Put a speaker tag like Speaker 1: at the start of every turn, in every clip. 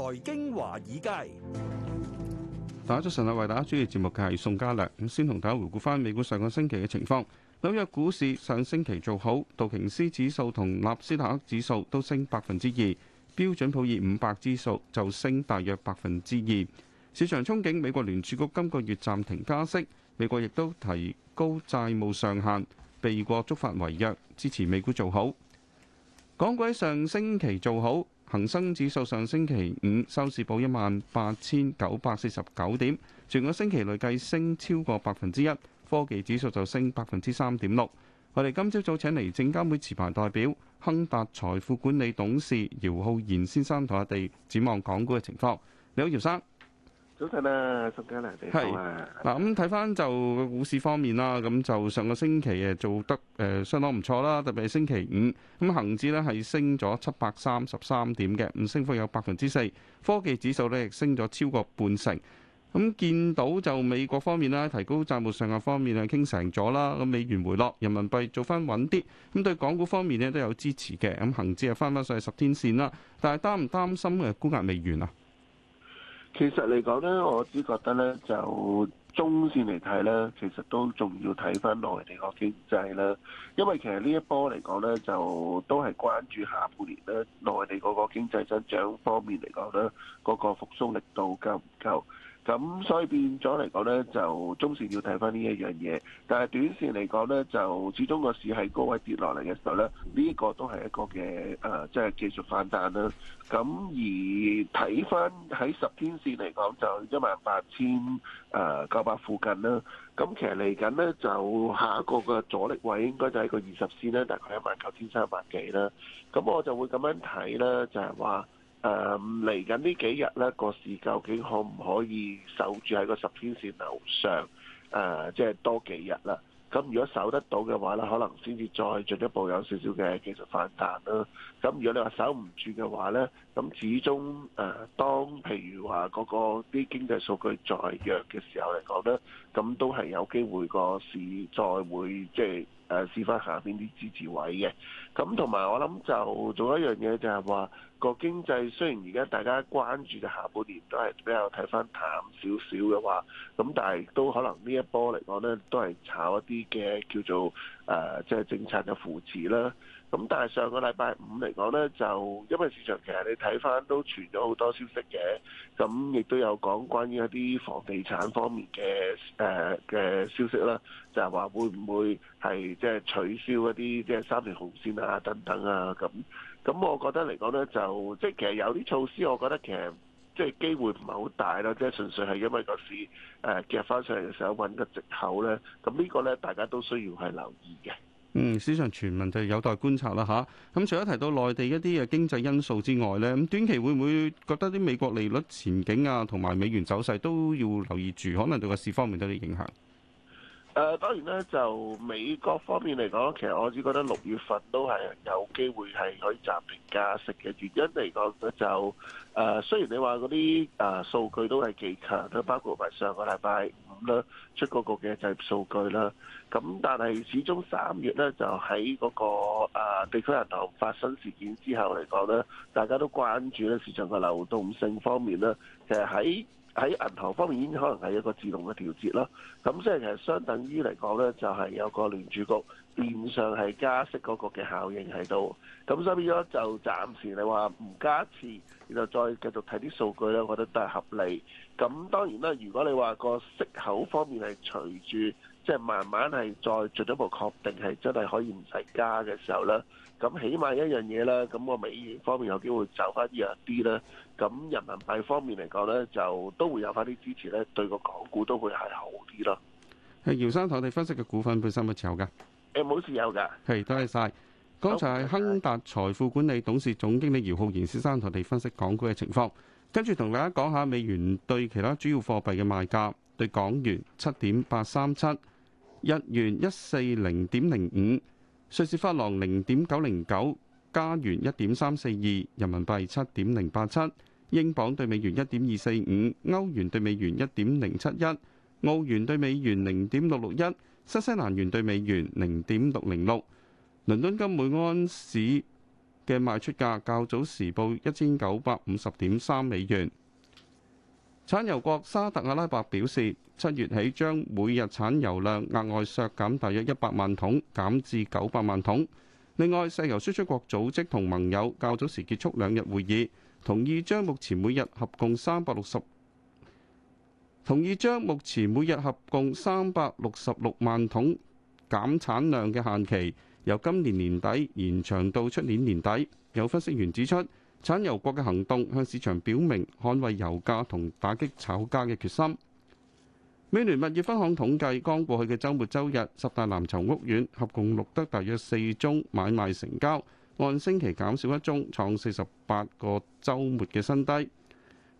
Speaker 1: 財經華爾街，打咗上嚟為大家主業節目嘅係宋家良。咁先同大家回顧翻美股上個星期嘅情況。紐約股市上星期做好，道瓊斯指數同納斯達克指數都升百分之二，標準普爾五百指數就升大約百分之二。市場憧憬美國聯儲局今個月暫停加息，美國亦都提高債務上限，避過觸發違約，支持美股做好。港股上星期做好。恒生指數上星期五收市報一萬八千九百四十九點，全個星期累計升超過百分之一。科技指數就升百分之三點六。我哋今朝早，早請嚟證監會持牌代表、亨達財富管理董事姚浩然先生同我哋展望港股嘅情況。你好，姚生。
Speaker 2: 是好嘅、啊、
Speaker 1: 啦，咁睇翻就股市方面啦，咁就上個星期誒做得誒、呃、相當唔錯啦，特別係星期五，咁恒指呢係升咗七百三十三點嘅，咁升幅有百分之四。科技指數呢亦升咗超過半成。咁見到就美國方面咧提高債務上限方面啊傾成咗啦，咁美元回落，人民幣做翻穩啲，咁對港股方面呢都有支持嘅。咁恒指又翻翻上去十天線啦，但係擔唔擔心誒沽壓美元啊？
Speaker 2: 其實嚟講咧，我只覺得咧，就中線嚟睇咧，其實都仲要睇翻內地個經濟啦。因為其實呢一波嚟講咧，就都係關注下半年咧，內地嗰個經濟增長方面嚟講咧，嗰個復甦力度夠唔夠？咁所以變咗嚟講咧，就中線要睇返呢一樣嘢，但係短線嚟講咧，就始終個市喺高位跌落嚟嘅時候咧，呢這個是一個都係一個嘅誒，即係技術反彈啦。咁而睇返喺十天線嚟講，就一萬八千誒九百附近啦。咁其實嚟緊咧，就下一個嘅阻力位應該就係個二十線咧，大概一萬九千三百幾啦。咁我就會咁樣睇啦，就係話。誒嚟緊呢幾日咧，個市究竟可唔可以守住喺個十天線樓上？誒，即係多幾日啦。咁如果守得到嘅話咧，可能先至再進一步有少少嘅技術反彈啦。咁如果你話守唔住嘅話咧，咁始終誒，當譬如話嗰個啲經濟數據再弱嘅時候嚟講咧，咁都係有機會個市再會即係。就是誒試翻下邊啲支持位嘅，咁同埋我諗就做一樣嘢，就係話個經濟雖然而家大家關注嘅下半年都係比較睇翻淡少少嘅話，咁但係都可能呢一波嚟講咧，都係炒一啲嘅叫做誒，即係政策嘅扶持啦。咁但係上個禮拜五嚟講咧，就因為市場其實你睇翻都傳咗好多消息嘅，咁亦都有講關於一啲房地產方面嘅誒嘅消息啦，就係話會唔會係即係取消一啲即係三條紅線啊等等啊咁。咁我覺得嚟講咧，就即係其實有啲措施，我覺得其實即係機會唔係好大啦，即係純粹係因為個市誒夾翻上嚟嘅時候揾個藉口咧。咁呢個咧，大家都需要係留意嘅。
Speaker 1: 嗯，市場傳聞就有待觀察啦吓，咁、啊、除咗提到內地一啲嘅經濟因素之外咧，咁短期會唔會覺得啲美國利率前景啊，同埋美元走勢都要留意住，可能對個市方面都有啲影響。
Speaker 2: 誒、呃，當然咧，就美國方面嚟講，其實我只覺得六月份都係有機會係可以暫停加息嘅原因嚟講咧，就誒、呃、雖然你話嗰啲誒數據都係幾強都包括埋上個禮拜。啦，出嗰個嘅就業數據啦，咁但係始終三月咧就喺嗰個地區銀行發生事件之後嚟講咧，大家都關注咧市場嘅流動性方面咧，其實喺。喺銀行方面已經可能係一個自動嘅調節啦，咁所以其實相等於嚟講咧，就係、是、有個聯儲局變相係加息嗰個嘅效應喺度，咁所以變咗就暫時你話唔加息，然後再繼續睇啲數據咧，我覺得都係合理。咁當然啦，如果你話個息口方面係隨住。即係慢慢係再進一步確定係真係可以唔使加嘅時候啦，咁起碼一樣嘢啦，咁個美元方面有機會走翻弱啲啦。咁人民幣方面嚟講咧就都會有翻啲支持咧，對個港股都會係好啲咯。
Speaker 1: 係姚生同我哋分析嘅股份，本身有冇持
Speaker 2: 有㗎？誒冇持有㗎。
Speaker 1: 係多謝晒。剛才係亨達財富管理董事總經理姚浩然先生同我哋分析港股嘅情況，跟住同大家講下美元對其他主要貨幣嘅賣價。對港元七點八三七，日元一四零點零五，瑞士法郎零點九零九，加元一點三四二，人民幣七點零八七，英鎊對美元一點二四五，歐元對美元一點零七一，澳元對美元零點六六一，新西蘭元對美元零點六零六。倫敦金每安士嘅賣出價較早時報一千九百五十點三美元。產油國沙特阿拉伯表示，七月起將每日產油量額外削減大約一百萬桶，減至九百萬桶。另外，石油輸出國組織同盟友較早時結束兩日會議，同意將目前每日合共三百六十同意將目前每日合共三百六十六萬桶減產量嘅限期，由今年年底延長到出年年底。有分析員指出，產油國嘅行動向市場表明捍衛油價同打擊炒家嘅決心。美聯物業分行統計，剛過去嘅週末週日，十大藍籌屋苑合共錄得大約四宗買賣成交，按星期減少一宗，創四十八個週末嘅新低。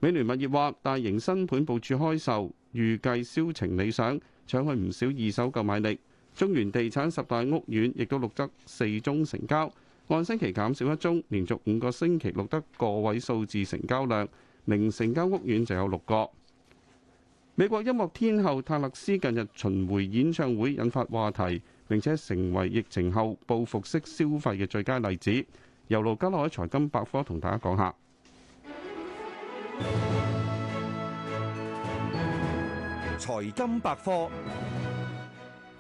Speaker 1: 美聯物業話，大型新盤部署開售，預計銷情理想，搶去唔少二手購買力。中原地產十大屋苑亦都錄得四宗成交。按星期減少一宗，連續五個星期錄得個位數字成交量，零成交屋苑就有六個。美國音樂天后泰勒斯近日巡迴演唱會引發話題，並且成為疫情後報復式消費嘅最佳例子。由盧家樂喺《財金百科》同大家講下
Speaker 3: 《財金百科》。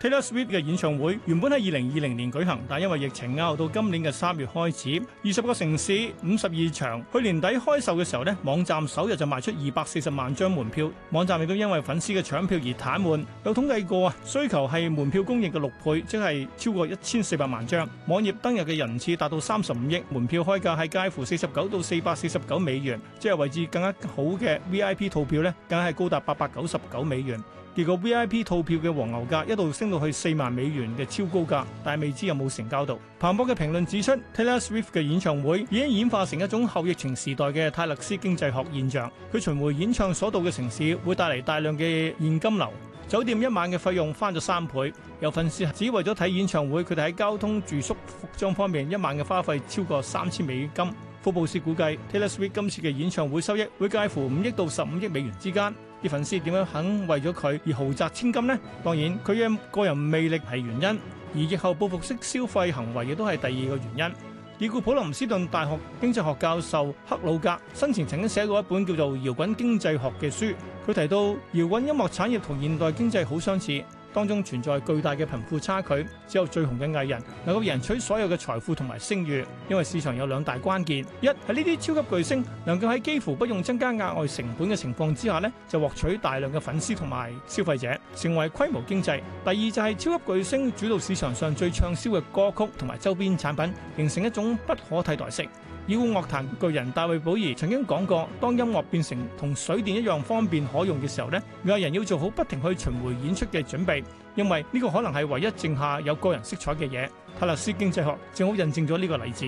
Speaker 3: Taylor Swift 嘅演唱會原本喺二零二零年舉行，但因為疫情拗到今年嘅三月開始，二十個城市五十二場。去年底開售嘅時候呢，網站首日就賣出二百四十萬張門票，網站亦都因為粉絲嘅搶票而癱瘓。有統計過啊，需求係門票供應嘅六倍，即係超過一千四百萬張。網頁登入嘅人次達到三十五億，門票開價係介乎四十九到四百四十九美元，即係位置更加好嘅 VIP 套票呢，梗係高達八百九十九美元。結果 VIP 套票嘅黃牛價一度升到去四萬美元嘅超高價，但未知有冇成交到。彭博嘅評論指出 ，Taylor Swift 嘅演唱會已經演化成一種後疫情時代嘅泰勒斯經濟學現象。佢巡回演唱所到嘅城市會帶嚟大量嘅現金流，酒店一晚嘅費用翻咗三倍。有粉絲只為咗睇演唱會，佢哋喺交通、住宿、服裝方面一晚嘅花費超過三千美金。福布斯估計，Taylor Swift 今次嘅演唱會收益會介乎五億到十五億美元之間。啲粉絲點樣肯為咗佢而豪擲千金呢？當然佢嘅個人魅力係原因，而疫後報復式消費行為亦都係第二個原因。已故普林斯頓大學經濟學教授克魯格生前曾經寫過一本叫做《搖滾經濟學》嘅書，佢提到搖滾音樂產業同現代經濟好相似。當中存在巨大嘅貧富差距，只有最紅嘅藝人能夠贏取所有嘅財富同埋聲譽，因為市場有兩大關鍵：一係呢啲超級巨星能夠喺幾乎不用增加額外成本嘅情況之下，呢就獲取大量嘅粉絲同埋消費者，成為規模經濟；第二就係超級巨星主導市場上最暢銷嘅歌曲同埋周邊產品，形成一種不可替代性。搖滾樂壇巨人大衛保兒曾經講過，當音樂變成同水電一樣方便可用嘅時候咧，藝人要做好不停去巡回演出嘅準備，因為呢個可能係唯一剩下有個人色彩嘅嘢。泰勒斯經濟學正好印證咗呢個例子。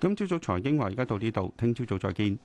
Speaker 1: 今朝早財經話而家到呢度，聽朝早再見。